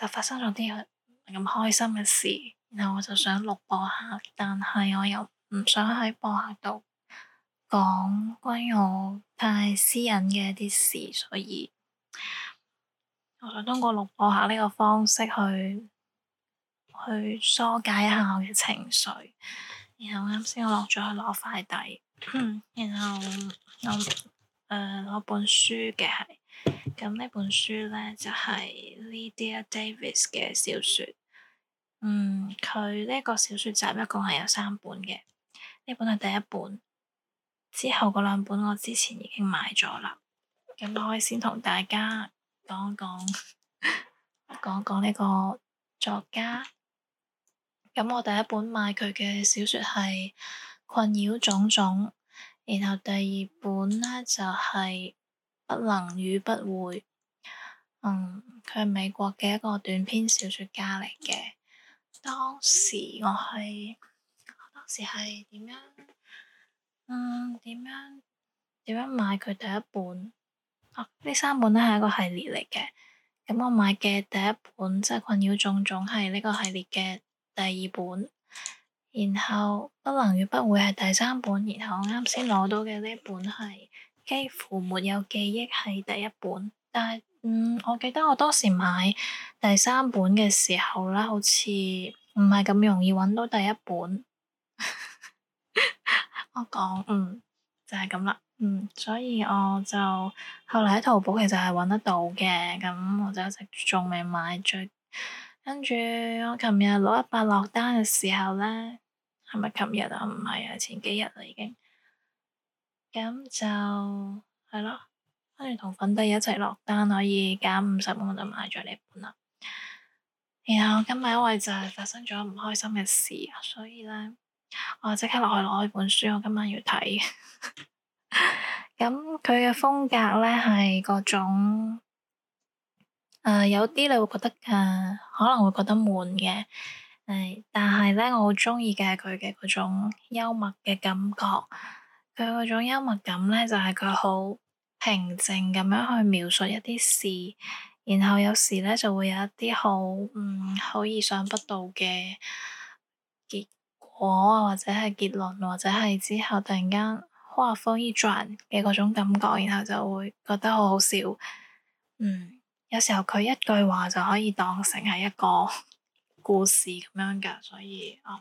就發生咗啲咁開心嘅事，然後我就想錄播下，但係我又唔想喺播客度講關於我太私隱嘅一啲事，所以我想通過錄播客呢個方式去去疏解一下我嘅情緒。然後啱先我落咗去攞快遞，然後我誒攞、呃、本書嘅係，咁呢本書咧就係、是，Lydia Davis 嘅小説，嗯，佢呢個小説集一共係有三本嘅，呢本係第一本，之後嗰兩本我之前已經買咗啦，咁我可以先同大家講一講，講講呢個作家，咁我第一本買佢嘅小説係困擾種種，然後第二本呢就係、是、不能與不會。嗯，佢係美國嘅一個短篇小說家嚟嘅。當時我係，我當時係點樣？嗯，點樣？點樣買佢第一本？啊，呢三本咧係一個系列嚟嘅。咁我買嘅第一本即係、就是、困擾種種係呢個系列嘅第二本，然後不能與不會係第三本，然後我啱先攞到嘅呢本係幾乎沒有記憶係第一本，但係。嗯，我記得我當時買第三本嘅時候啦，好似唔係咁容易搵到第一本。 我講嗯就係咁啦，嗯，所以我就後來喺淘寶其實係搵得到嘅，咁我就一直仲未買最。跟住我琴日六一八落單嘅時候咧，係咪琴日啊？唔係啊，前幾日啦已經。咁就係咯。對了跟住同粉底一齊落單，可以減五十蚊，我就買咗呢本啦。然後我今日因為就係發生咗唔開心嘅事，所以咧，我即刻落去攞呢本書，我今晚要睇。咁佢嘅風格咧係嗰種，誒、呃、有啲你會覺得誒、呃、可能會覺得悶嘅，誒、呃、但係咧我好中意嘅係佢嘅嗰種幽默嘅感覺。佢嗰種幽默感咧就係佢好。平靜咁樣去描述一啲事，然後有時咧就會有一啲好嗯好意想不到嘅結果啊，或者係結論，或者係之後突然間畫風一轉嘅嗰種感覺，然後就會覺得好好笑。嗯，有時候佢一句話就可以當成係一個故事咁樣噶，所以嗯，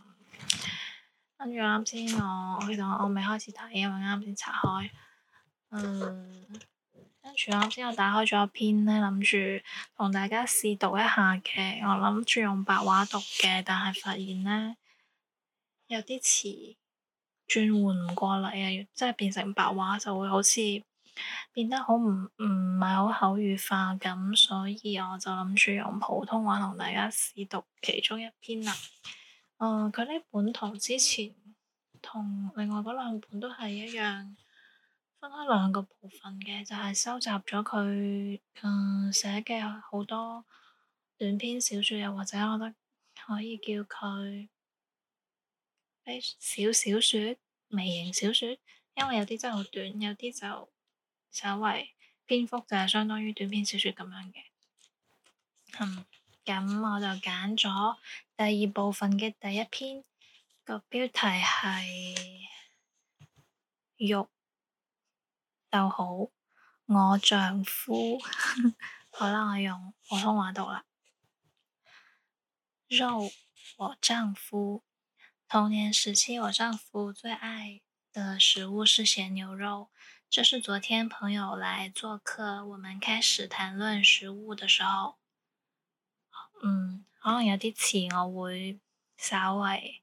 跟住啱先我其實我未開始睇，因為啱先拆開。嗯，跟住啱先我打開咗一篇咧，諗住同大家試讀一下嘅，我諗住用白話讀嘅，但係發現咧有啲詞轉換唔過嚟啊，即係變成白話就會好似變得好唔唔係好口語化咁，所以我就諗住用普通話同大家試讀其中一篇啦。佢、嗯、呢本同之前同另外嗰兩本都係一樣。分開兩個部分嘅，就係、是、收集咗佢誒寫嘅好多短篇小説，又或者我覺得可以叫佢非小小説、微型小説，因為有啲真係好短，有啲就稍為篇幅就係相當於短篇小説咁樣嘅。嗯，咁我就揀咗第二部分嘅第一篇，那個標題係肉。就好，我丈夫，好啦，我，我用普通話讀啦。肉，我丈夫童年時期，我丈夫最愛的食物是鹹牛肉。這是昨天朋友來做客，我們開始談論食物的時候，嗯，可能有啲詞我會稍微，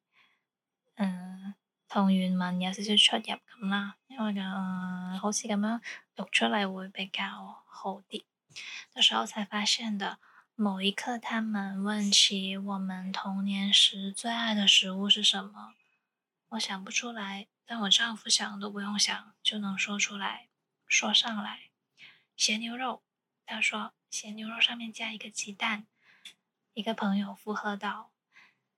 嗯，同原文有少少出入咁啦。我講，嗯，好似咁樣讀出嚟會比較好啲。那時候才發現的。某一刻，他們問起我們童年時最愛的食物是什麼，我想不出來，但我丈夫想都不用想就能說出來，說上來，鹹牛肉。他說：“鹹牛肉上面加一個雞蛋。”一個朋友附和道。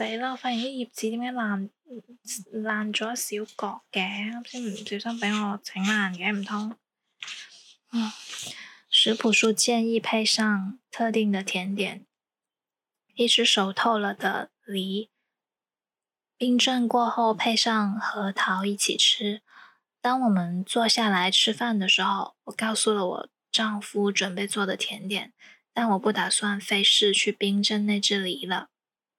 死啦！我發現啲葉子點解爛爛咗小角嘅，啱先唔小心畀我整爛嘅，唔通？食譜書建議配上特定的甜點，一支熟透了的梨，冰鎮過後配上核桃一起吃。當我們坐下來吃飯的時候，我告訴了我丈夫準備做的甜點，但我不打算費事去冰鎮那隻梨了。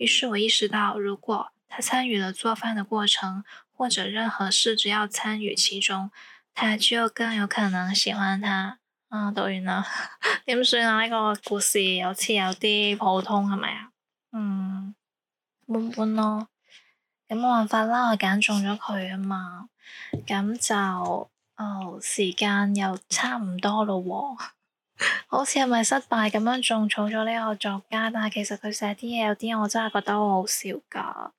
於是我意識到，如果他參與了做飯的過程，或者任何事，只要參與其中，他就更有可能喜歡他。啊、哦，讀完啦， 點算啊？呢個故事好似有啲普通，係咪啊？嗯，般般咯。咁冇辦法啦，我揀中咗佢啊嘛。咁就，哦，時間又差唔多咯喎、哦。好似係咪失敗咁樣種草咗呢個作家，但係其實佢寫啲嘢有啲我真係覺得好好笑噶，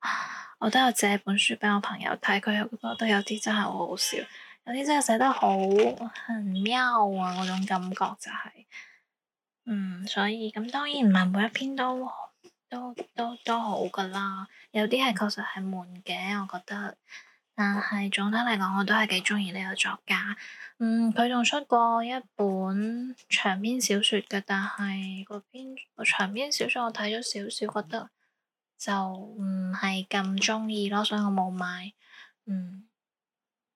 我都有借本書俾我朋友睇，佢又覺得都有啲真係好好笑，有啲真係寫得好很妙啊嗰種感覺就係、是，嗯，所以咁當然唔係每一篇都都都都好噶啦，有啲係確實係悶嘅，我覺得。但係總體嚟講，我都係幾中意呢個作家。嗯，佢仲出過一本長篇小說嘅，但係嗰篇個長篇小說我睇咗少少，覺得就唔係咁中意咯，所以我冇買。嗯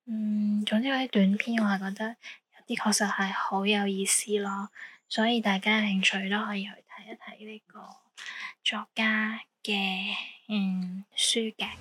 嗯，總之嗰啲短篇我係覺得有啲確實係好有意思咯，所以大家有興趣都可以去睇一睇呢個作家嘅嗯書嘅。